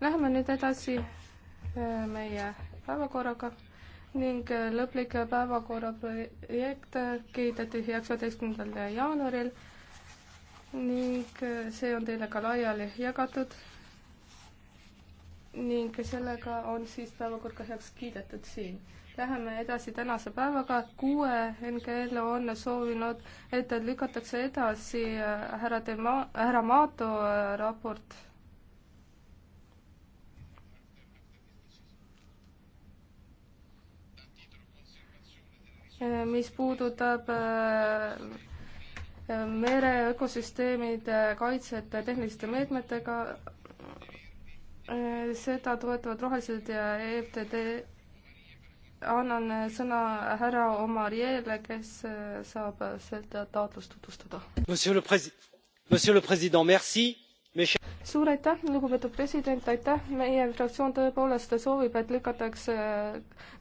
Läheme nüüd edasi äh, meie päevakorraga ning äh, lõplik päevakorra projekt äh, kiideti heaks üheteistkümnendal jaanuaril ning see on teile ka laiali jagatud. ning sellega on siis päevakord ka heaks kiidetud siin. Läheme edasi tänase päevaga. kuue NGL on soovinud, et lükatakse edasi härra Dema-, härra Maato raport mis puudutab äh, mere ökosüsteemide kaitset tehniliste meetmetega, äh, seda toetavad rohelised ja EFTD. annan sõna härra Omariele, kes äh, saab seda taotlust tutvustada. Monsieur le président, merci suur aitäh, lugupeetud president, aitäh, meie fraktsioon tõepoolest soovib, et lükatakse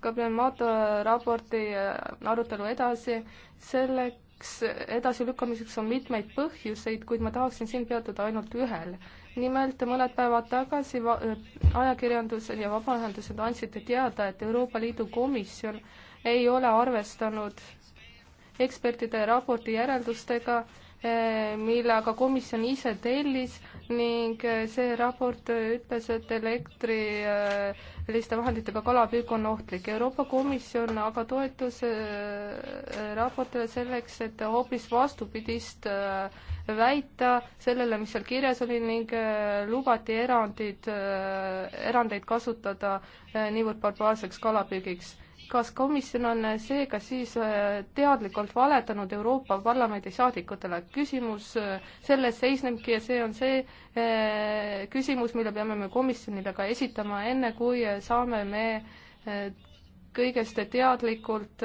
Kabinemato äh, raporti äh, arutelu edasi, selleks edasilükkamiseks on mitmeid põhjuseid, kuid ma tahaksin siin peatuda ainult ühel. nimelt mõned päevad tagasi äh, ajakirjandused ja vabaühendused andsid teada, et Euroopa Liidu komisjon ei ole arvestanud ekspertide raporti järeldustega, millega komisjon ise tellis ning äh, see raport ütles, et elektriliste äh, vahenditega kalapüük on ohtlik. Euroopa Komisjon aga toetus äh, raportile selleks, et hoopis vastupidist väita sellele, mis seal kirjas oli ning lubati erandid, erandeid kasutada niivõrd barbaarseks kalapüügiks kas komisjon on seega siis äh, teadlikult valetanud Euroopa Parlamendi saadikutele? küsimus äh, selles seisnebki ja see on see äh, küsimus, mille peame me komisjonile ka esitama, enne kui saame me kõigest teadlikult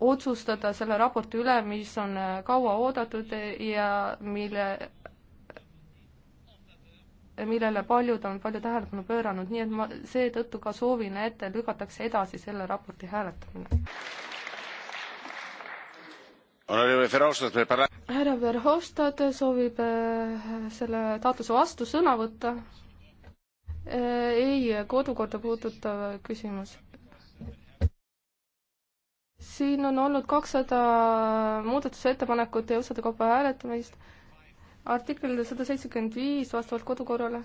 otsustada selle raporti üle, mis on kaua oodatud ja mille millele paljud on palju tähelepanu pööranud, nii et ma seetõttu ka soovin, et lükatakse edasi selle raporti hääletamine. härra Verhofstadt soovib äh, selle taotluse vastu sõna võtta. Äh, ei, kodukorda puudutav küsimus siin on olnud kakssada muudatusettepanekut ja osade kaupa hääletamist artikkel sada seitsekümmend viis vastavalt kodukorrale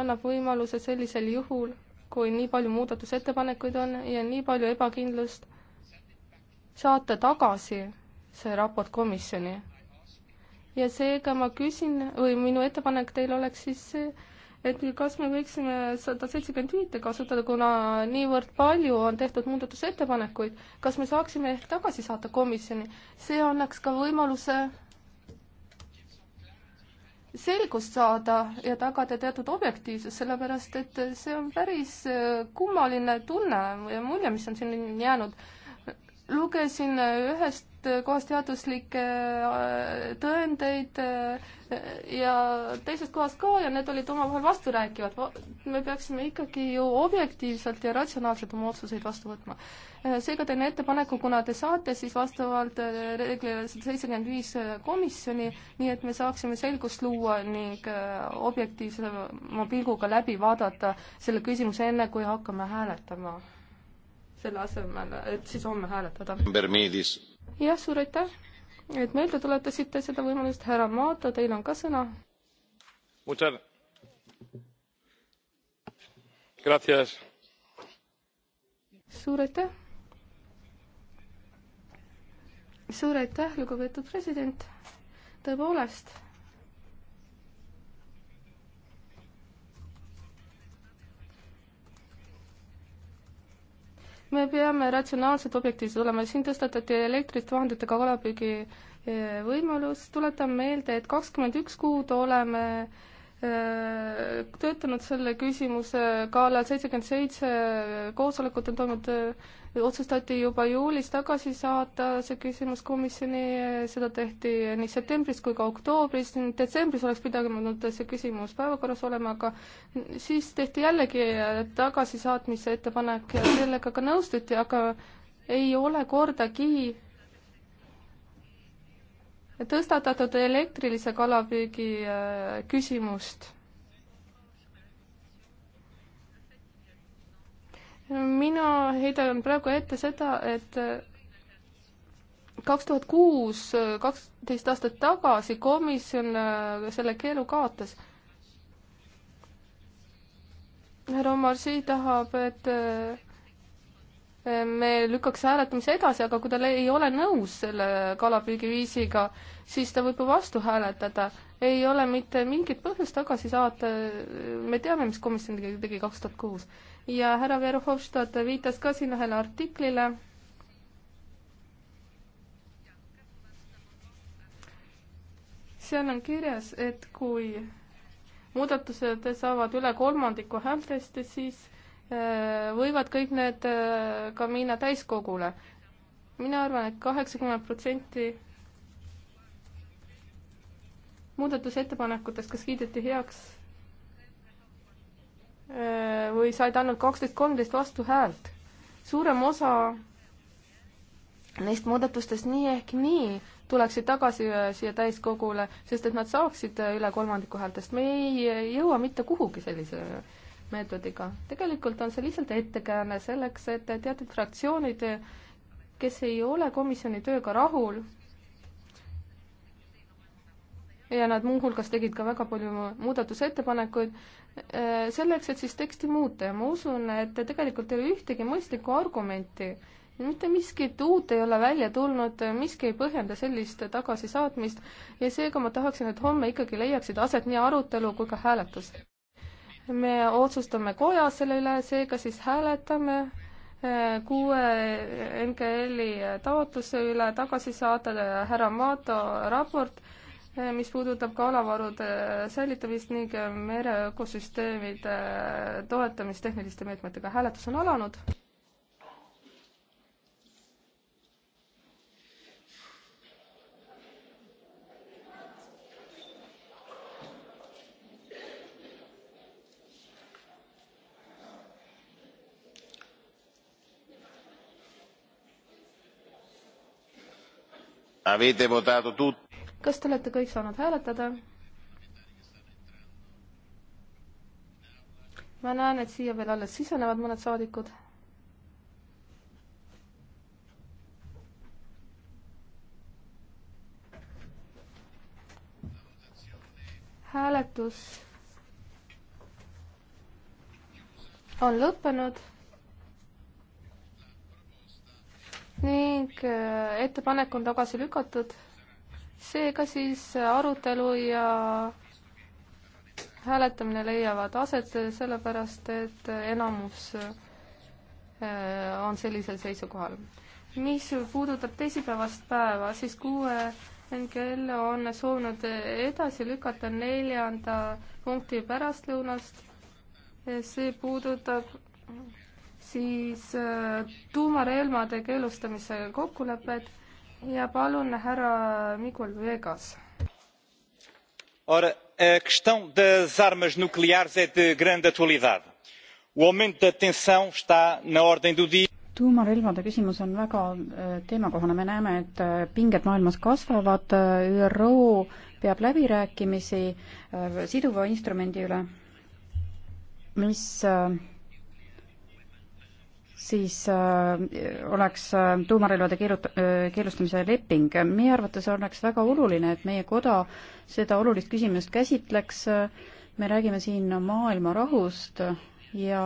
annab võimaluse sellisel juhul, kui nii palju muudatusettepanekuid on ja nii palju ebakindlust, saata tagasi see raport komisjoni. ja seega ma küsin või minu ettepanek teil oleks siis see, et kas me võiksime sada seitsekümmend viite kasutada, kuna niivõrd palju on tehtud muudatusettepanekuid, kas me saaksime ehk tagasi saata komisjoni, see annaks ka võimaluse selgust saada ja tagada teatud objektiivsus, sellepärast et see on päris äh, kummaline tunne ja mulje, mis on siin jäänud lugesin ühest kohast teaduslikke äh, tõendeid äh, ja teisest kohast ka ja need olid omavahel vasturääkivad. me peaksime ikkagi ju objektiivselt ja ratsionaalselt oma otsuseid vastu võtma. Äh, seega teen ettepaneku, kuna te saate siis vastavalt reeglile sada seitsekümmend viis komisjoni, nii et me saaksime selgust luua ning objektiivsema pilguga läbi vaadata selle küsimuse, enne kui hakkame hääletama selle asemel, et siis homme hääletada. jah, suur aitäh, et meelde tuletasite seda võimalust, härra Maato, teil on ka sõna. suur aitäh. suur aitäh, lugupeetud president, tõepoolest me peame ratsionaalselt objektiivsed olema, siin tõstatati elektrit vahenditega kalapüügi eh, võimalus, tuletan meelde, et kakskümmend üks kuud oleme eh, töötanud selle küsimuse kallal, seitsekümmend seitse koosolekut on toimunud, äh, otsustati juba juulis tagasi saata see küsimus komisjoni, äh, seda tehti nii septembris kui ka oktoobris, detsembris oleks pidanud see küsimus päevakorras olema, aga siis tehti jällegi äh, tagasisaatmise ettepanek ja sellega ka nõustuti, aga ei ole kordagi tõstatatud elektrilise kalapüügi küsimust mina heidan praegu ette seda, et kaks tuhat kuus, kaksteist aastat tagasi komisjon äh, selle keelu kaotas härra Omarsi tahab, et äh, me lükkaks hääletamise edasi, aga kui ta ei ole nõus selle kalapüügiviisiga, siis ta võib ju vastu hääletada ei ole mitte mingit põhjust tagasi saata, me teame, mis komisjon tegi kaks tuhat kuus. ja härra Verhofstadt viitas ka siin ühele artiklile, seal on kirjas, et kui muudatused saavad üle kolmandiku häältest, siis äh, võivad kõik need äh, ka minna täiskogule. mina arvan et, et kaheksakümmend protsenti muudatusettepanekutest, kas kiideti heaks äh, või said ainult kaksteist, kolmteist vastuhäält. suurem osa neist muudatustest nii ehk nii tuleksid tagasi äh, siia täiskogule, sest et nad saaksid äh, üle kolmandiku häältest. me ei jõua mitte kuhugi sellise meetodiga. tegelikult on see lihtsalt ettekääne selleks, et teatud fraktsioonid, kes ei ole komisjoni tööga rahul, ja nad muuhulgas tegid ka väga palju muudatusettepanekuid eh, selleks, et siis teksti muuta ja ma usun, et tegelikult ei ole ühtegi mõistlikku argumenti, mitte miskit uut ei ole välja tulnud, miski ei põhjenda sellist tagasisaatmist ja seega ma tahaksin, et homme ikkagi leiaksid aset nii arutelu kui ka hääletus. me otsustame kojas selle üle, seega siis hääletame eh, kuue NKL-i taotluse üle tagasi saata härra Maato raport mis puudutab kalavarude säilitamist ning mereökosüsteemide toetamist tehniliste meetmetega. hääletus on alanud. avete votato tutti? kas te olete kõik saanud hääletada? ma näen, et siia veel alles sisenevad mõned saadikud. hääletus on lõppenud ning äh, ettepanek on tagasi lükatud seega siis arutelu ja hääletamine leiavad aset sellepärast, et enamus eh, on sellisel seisukohal. mis puudutab teisipäevast päeva, siis kuue NGL on soovinud edasi lükata neljanda punkti pärastlõunast. see puudutab siis eh, tuumarelvade keelustamise kokkulepet ja palun härra Miguel Vegas. Ora, a questão das armas nucleares é de grande atualidade. O aumento da tensão está na ordem do dia tuumarelvade küsimus on väga e, teemakohane, me näeme, et e, pinged maailmas kasvavad, e, ÜRO peab läbirääkimisi siduva instrumendi üle, mis siis äh, oleks äh, tuumarelvade keelut- äh,, keelustamise leping. meie arvates oleks väga oluline, et meie koda seda olulist küsimust käsitleks, me räägime siin maailma rahust ja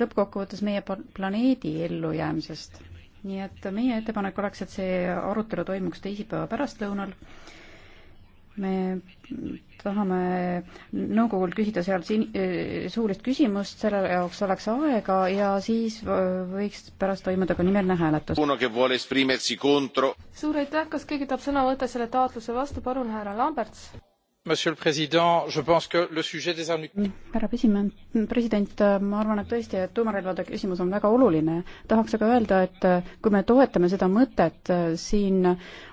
lõppkokkuvõttes meie planeedi ellujäämisest. nii et meie ettepanek oleks, et see arutelu toimuks teisipäeva pärastlõunal äh, me tahame nõukogult küsida seal eh, suulist küsimust, selle jaoks oleks aega ja siis eh, võiks pärast toimuda ka nimeline hääletus. suur aitäh, kas keegi tahab sõna võtta selle taotluse vastu, palun härra Lamberts härra president, president, ma arvan, et tõesti, et tuumarelvade küsimus on väga oluline. tahaks aga öelda, et äh, kui me toetame seda mõtet äh, siin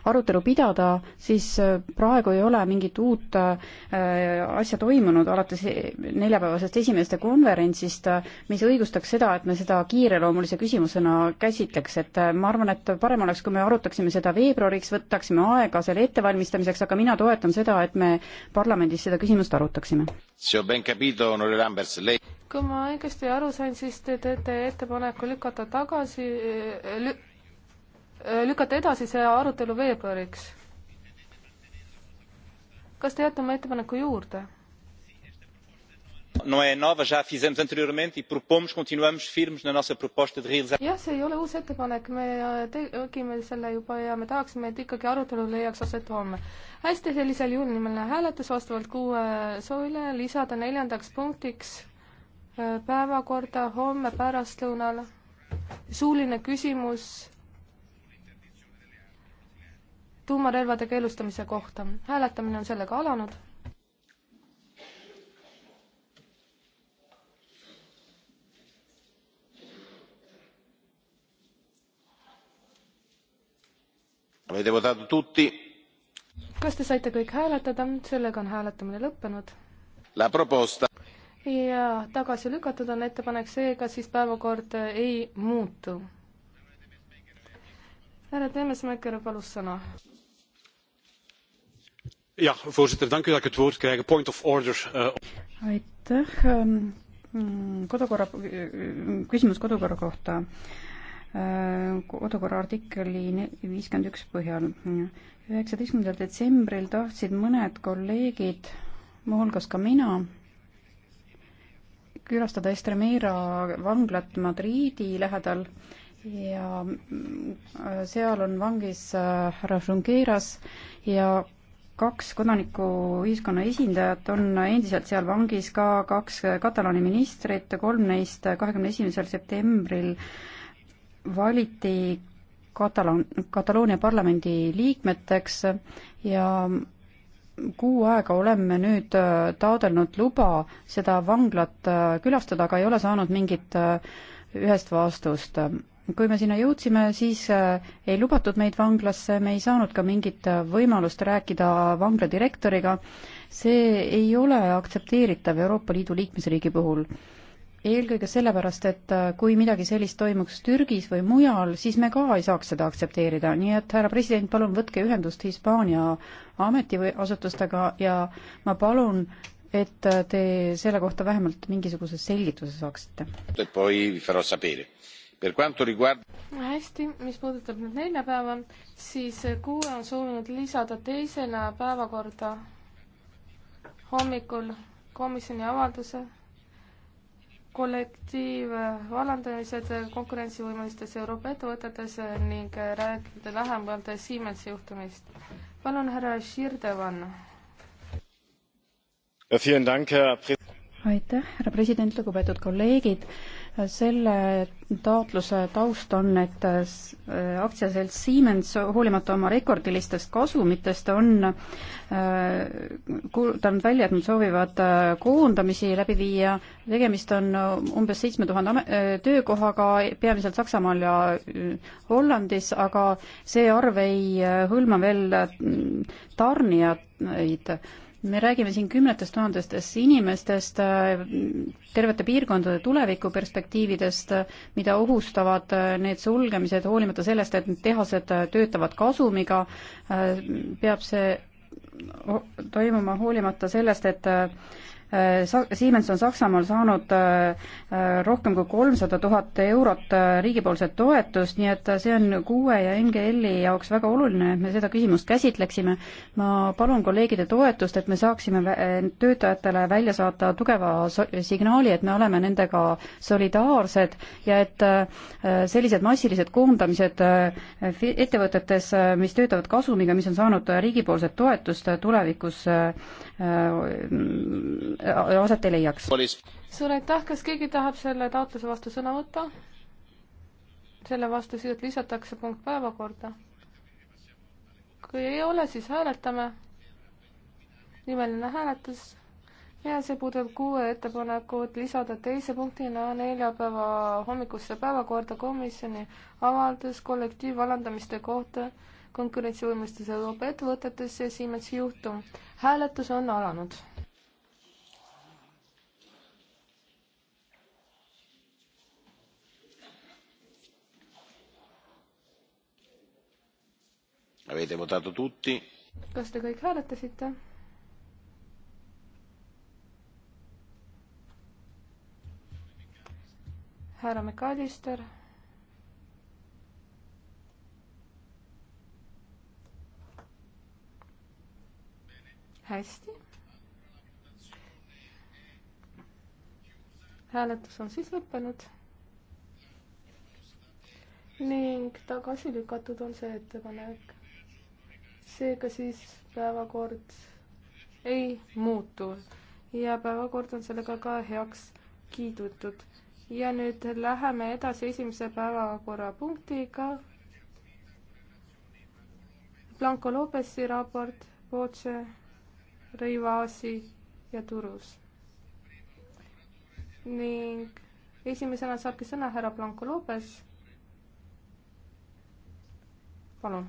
arutelu pidada, siis äh, praegu ei ole mingit uut asja toimunud alates e-, neljapäevasest esimeste konverentsist, mis õigustaks seda, et me seda kiireloomulise küsimusena käsitleks, et ma arvan, et parem oleks, kui me arutaksime seda veebruariks, võtaksime aega selle ettevalmistamiseks, aga mina toetan seda, et me parlamendis seda küsimust arutaksime. kui ma õigesti aru sain, siis te teete ettepaneku lükata tagasi eh, lü,, eh, lükata edasi see arutelu veebruariks. kas te jääte oma ettepaneku juurde? E jah, see ei ole uus ettepanek, me äh, tegime selle juba ja me tahaksime, et ikkagi arutelu leiaks aset homme. hästi, sellisel juhul nimeline hääletus vastavalt kuue soovile lisada neljandaks punktiks äh, päevakorda homme pärastlõunal suuline küsimus tuumarelvade keelustamise kohta. hääletamine on sellega alanud avete votato tutti? kas te saite kõik hääletada, sellega on hääletamine lõppenud. La proposta. ja tagasi lükatud on ettepanek, seega siis päevakord ei muutu. härra Teemesmäker palus sõna. jah, voorzitter, tänku, et het woord krijgen, point of order uh.... aitäh, ehm, mm, kodukorra, mm, küsimus kodukorra kohta Äh, kodukorra artikli viiskümmend üks põhjal. üheksateistkümnendal detsembril tahtsid mõned kolleegid, muuhulgas ka mina, külastada Estremeera vanglat Madriidi lähedal ja äh, seal on vangis äh, härra Junqueras ja kaks kodanikuühiskonna esindajat on endiselt seal vangis, ka kaks Katalooni ministrit, kolm neist kahekümne esimesel septembril äh, valiti Katalan-, Kataloonia parlamendi liikmeteks ja kuu aega oleme nüüd äh, taodelnud luba seda vanglat äh, külastada, aga ei ole saanud mingit äh, ühest vastust. kui me sinna jõudsime, siis ei lubatud meid vanglasse, me ei saanud ka mingit võimalust rääkida vangla direktoriga, see ei ole aktsepteeritav Euroopa Liidu liikmesriigi puhul eelkõige sellepärast, et äh, kui midagi sellist toimuks Türgis või mujal, siis me ka ei saaks seda aktsepteerida, nii et härra president, palun võtke ühendust Hispaania ametiasutustega ja ma palun, et äh, te selle kohta vähemalt mingisuguse selgituse saaksite. hästi, mis puudutab nüüd neljapäeva, siis äh, kuue on soovinud lisada teisena päevakorda hommikul komisjoni avalduse kollektiivvallandamised konkurentsivõimelistes Euroopa ettevõtetes ning rääkida lähemalt Siemensi juhtumist. palun, härra Širdevan aitäh, härra president, lugupeetud kolleegid. selle taotluse taust on, et äh, aktsiaselts Siemens, hoolimata oma rekordilistest kasumitest, on äh, kuulutanud välja, et nad soovivad äh, koondamisi läbi viia. tegemist on umbes seitsme tuhande töökohaga, peamiselt Saksamaal ja Hollandis, aga see arv ei hõlma veel tarnijaid me räägime siin kümnetest tuhandestest inimestest, tervete piirkondade tulevikuperspektiividest, mida ohustavad need sulgemised, hoolimata sellest, et need tehased töötavad kasumiga, peab see toimuma hoolimata sellest, et Äh, Siemens on Saksamaal saanud äh, äh, rohkem kui kolmsada tuhat eurot riigipoolset toetust, nii et see on kuue ja NGL-i jaoks väga oluline, et me seda küsimust käsitleksime. ma palun kolleegide toetust, et me saaksime töötajatele välja saata tugeva signaali, et me oleme nendega solidaarsed ja et sellised massilised koondamised ettevõtetes, mis töötavad kasumiga, mis on saanud riigipoolset toetust, tulevikus Äh, aset ei leiaks. suur aitäh, kas keegi tahab selle taotluse vastu sõna võtta? selle vastu siit lisatakse punkt päevakorda. kui ei ole, siis hääletame. nimeline hääletus ja see puudutab kuue ettepanekut lisada teise punktina neljapäeva hommikusse päevakorda komisjoni avaldus kollektiivalandamiste kohta konkurentsivõimestuse Euroopa ettevõtetes ja Siemensi juhtum. hääletus on alanud Avete votato tutti? kas te kõik hääletasite? härra McAllister. hästi. hääletus on siis lõppenud. ning tagasi lükatud on see ettepanek seega siis päevakord ei muutu ja päevakord on sellega ka heaks kiidutud. ja nüüd läheme edasi esimese päevakorrapunktiga. Blanco Lopesi raport, Poce, Rivasi ja Turus. ning esimesena saabki sõna härra Blanco Lopes. palun.